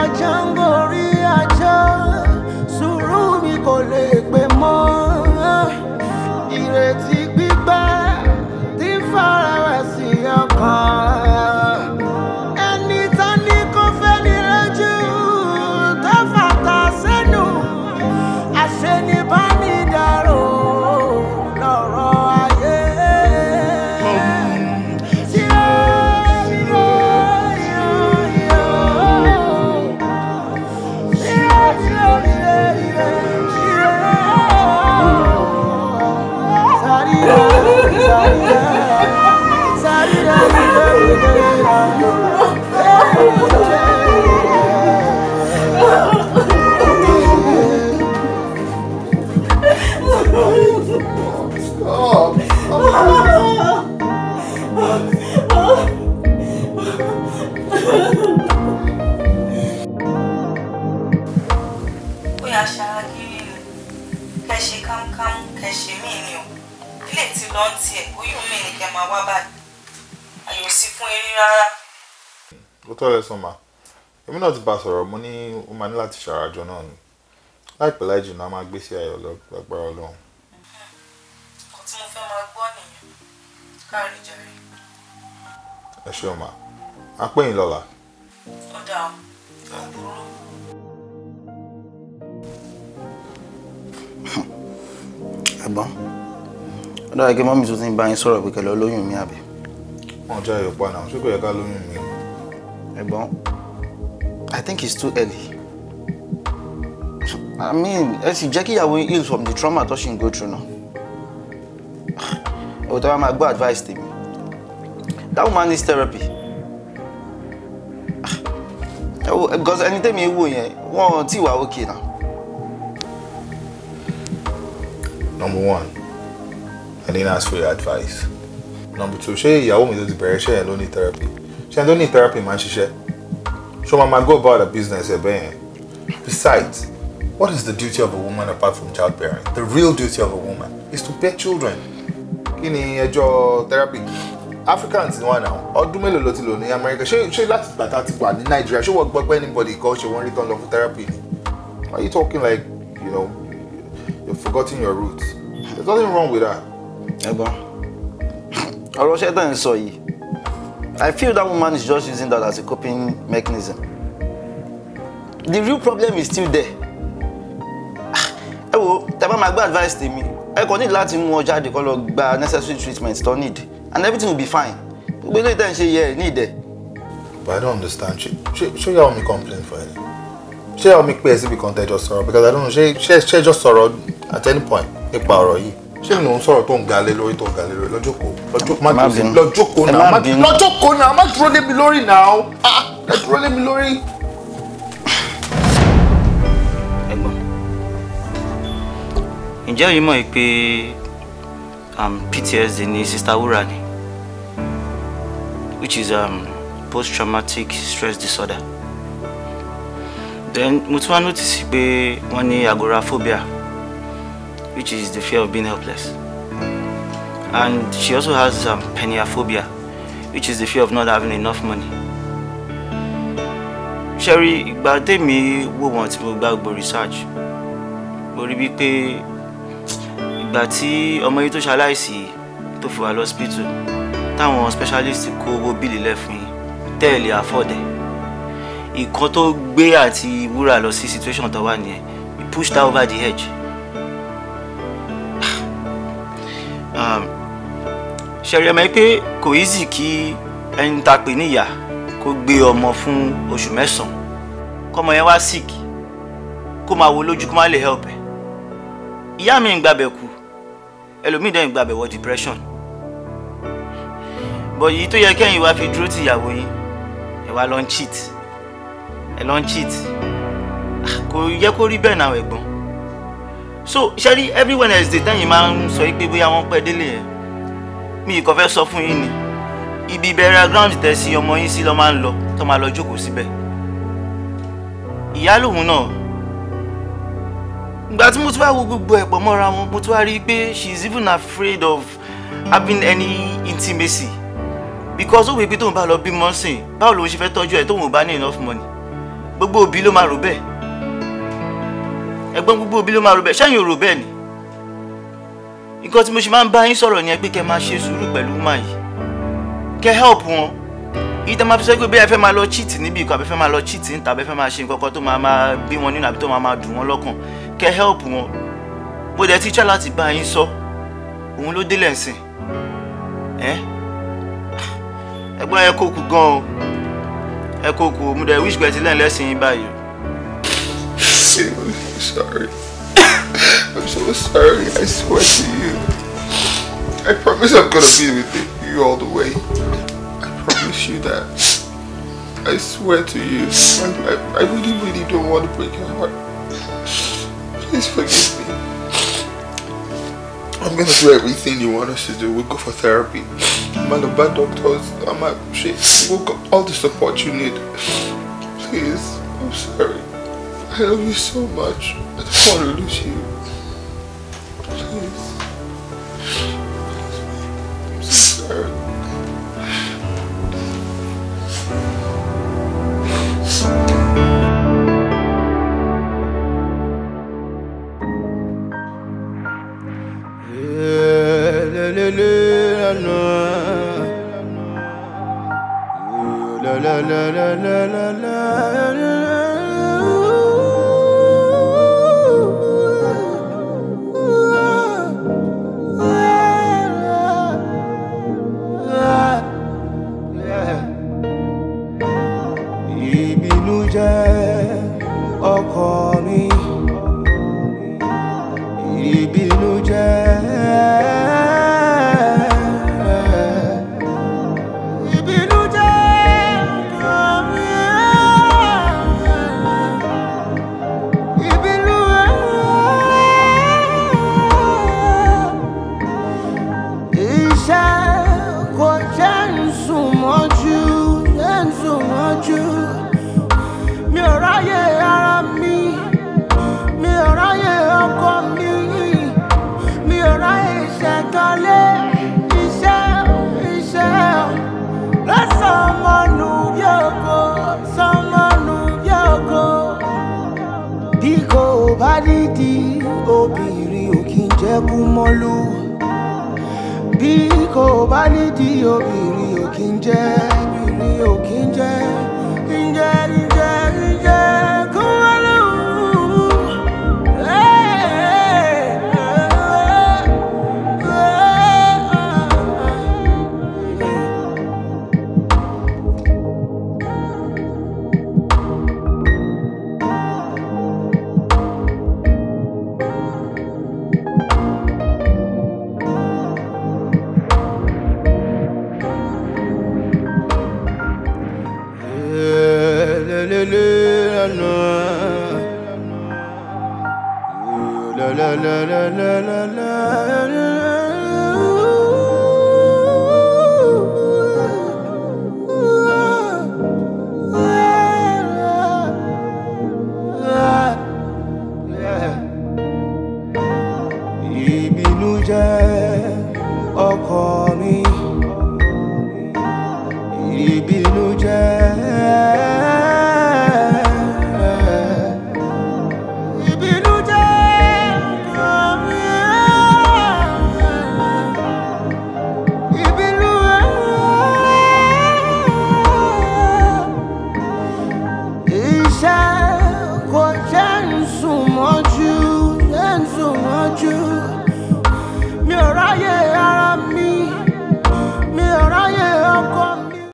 Ọjà ń gorí ajá, sùúrù mi kò lè. wá báyìí àyè ò sí fún eré rárá. ó tọ́ ẹ sọ́mà èmi náà ti bá a sọ̀rọ̀ mo ní ó máa ní láti ṣàràjọ náà ni láìpẹ́ láì jù náà máa gbé sí ayọ̀ lọ́gbàgbára ọlọ́run. nǹkan tí mo fẹ́ máa gbọ́ nìyẹn káàrí jàre. ẹ ṣeun ma a pè yín lọ́la. ó dà ó ó burú. ẹ̀gbọ́n ó dára kí mọ́mí tuntun bá yín sọ̀rọ̀ pé kẹlẹ́ olóyún mi àbí. wọn jẹ́ ayọ̀ paná ṣé kò yẹ ká lóyún mi. ẹ̀gbọ́n I think it's too early. I mean ẹ sì jẹ́ kí ìyàwó heal from the trauma tó ṣì ń go through náà. òótọ́ wa máa gbọ́ advice tèmi that woman needs therapy. because ẹni tẹ́mi wò yẹn wọ́n ti wà ókè náà. number one and then ask for your advice. Number two, ṣé ìyàwó mi ló ti bẹ̀rẹ̀ iṣẹ́ yẹn ló ní therapy? she, ẹni tó ní therapy máa she, ṣiṣẹ́? Ṣé wọ́n máa go about a business ẹ̀ bẹ́ẹ̀ yẹn? Besides, what is the duty of a woman apart from childbearing? The real duty of a woman is to bear children. Kí ni ẹjọ́ therapy? Africans ni wọn náà ọdún mélòó ló ti lò ní America she, she, láti ìgbà tá a ti she, ní Nàìjíríà ṣé wọ́n gbọ́ pé anybody kan she, wọ́n rí tán lọ fún therapy ni? Are you talking like you know you've forgotten your roots? There's nothing wrong with that ẹ̀gbọ́n ọ̀rọ̀ ṣẹ́ tẹ̀ ń sọ yìí I feel that woman is just using that as a coping mechanism the real problem is still there ah, ẹ wo tẹ́ bá máa gbé advice tèmi ẹ kàn need láti mú ọ jáde kó lọ gba necessary treatment tó need and everything will be fine gbogbo eléyìí tẹ̀ ń ṣe yẹ ẹ need ẹ. But I don't understand ṣé ṣé yàwó mi complain for ẹ ṣé yàwó mi pè é síbi kan tẹ́ sọ̀rọ̀ because I don't know ṣé ṣé ṣé jọ sọ̀rọ̀ at any point nípa ọ̀rọ̀ yìí ṣé ìlú ń sọ̀rọ̀ tó ń galé lórí tó ń galé lórí lọ́jọ́kọ̀ọ́ lọ́jọ́kọ̀ọ́ náà lọ́jọ́kọ̀ọ́ náà má dúró lé mi lórí náà ah, ẹ dúró lé mi lórí. ẹ̀gbọ́n ǹjẹ́ òyìn mọ̀ pé um, PTSD ni sista wúrà ni which is um, post-traumatic stress disorder then mo tún wá notice pé wọ́n ní agoraphobia which is the fear of being helpless. And she also has um, peniophobia, which is the fear of not having enough money. Sherry, but me, we want to mo back for research, but mo rí bíi pé ìgbà tí ọmọ yìí tó ṣaláìsí tó fi wà That táwọn specialist kó owó left me, tell yín afford it. He caught gbé àti wúrà lọ sí situation tó one, nìyẹn, he pushed over the edge. ṣẹ̀rẹ̀ mọ̀ pé kò easy kí ẹni ta pè níyà kó gbé ọmọ fún oṣù mẹ́sàn-án kọ́mọ yẹn wá sick kó máa wo lójú kó má lè help ẹ̀ ìyá mi ń gbàbẹ̀ kú ẹlòmíì dẹ̀ ń gbàbẹ̀ wọ depression bọ̀ yìí tó yẹ kẹ́yìn wá fi dúró ti ìyàwó yín ẹ̀ wá lọ ń cheat ẹ̀ lọ ń cheat ah, kò yẹ kó rí bẹ́ẹ̀ náà ẹ̀gbọ́n so ṣe rí every wednesday tẹ́yìn máa ń sọ pé bóyá wọ́n pẹ́ délé yẹn mi kò fẹ́ sọ fún yín ni ibi burial ground tẹ̀sí ọmọ yín sí lọ máa ń lọ tó máa lọ jókòó síbẹ̀ ìyá náà ìgbà tí mo tún wá wo gbogbo ẹ̀ pọ̀ mọ́ra wọn mo tún wá rí i pé she is even afraid of having any intimacy because ó wèé pé tóun bá lọ bímọ sìn báwo lòun ṣe fẹ́ tọ́jú ẹ̀ tóun ò bá ní enough money gbogbo òbí ló máa rò bẹ́ẹ̀ ẹ̀gbọ́n gbogbo òbí ló máa rò bẹ́ẹ̀ ṣẹ́yìn ò rò bẹ́ẹ̀ ni nǹkan tí mo ṣe máa ń bá yín sọ̀rọ̀ yẹn pé kẹ́ máa ṣe sùúrù pẹ̀lú má yìí kẹ́ help wọn yìí tẹ́ máa fi sọ pé bí ẹ fẹ́ máa lọ cheat níbi ìkọ́ àbí fẹ́ máa lọ cheat níta àbí fẹ́ máa ṣe nǹkan kan tó máa máa bí wọn nínú àbí tó máa máa dùn wọn lọ́kàn kẹ́ help wọn mo dẹ̀ tíṣà láti bá yín sọ òun ló délẹ̀ ǹsìn ẹ́ ẹgbọ́n ẹ kó kú gan o ẹ kó kú o mo dẹ̀ wíṣ pẹ̀tì lẹ́yìn lẹ́sìn yín báyìí. sorry. I'm so sorry. I swear to you. I promise I'm gonna be with you all the way. I promise you that. I swear to you. I, I, I really, really don't want to break your heart. Please forgive me. I'm gonna do everything you want us to do. We'll go for therapy. I'm at the bad doctors. I'm at shit. We'll go all the support you need. Please, I'm sorry. I love you so much. I don't want to lose you. Please. la am so la la la la la la la ẹkún mọ́lú bí kò bá nídìí obìnrin ò kí ń jẹ́ obìnrin ò kí ń jẹ́. la la la